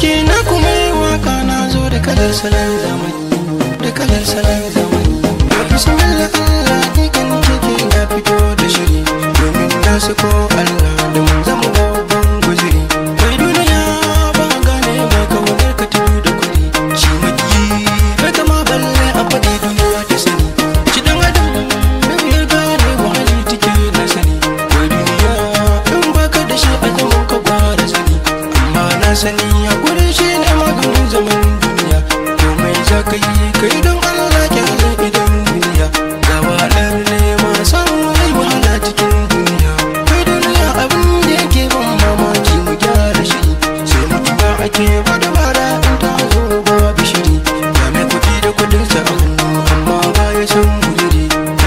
ke na kuma yi waka na zo da kalar salon zamani da kalar salon zamani a bismillah allah ikan jiki na fito da shiri domin na ko allah da mun zama babban guziri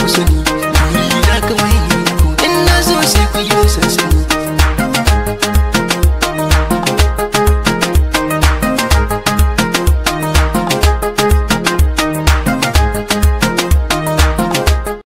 ku sani Duniya kamar yin in na zo sai ku yi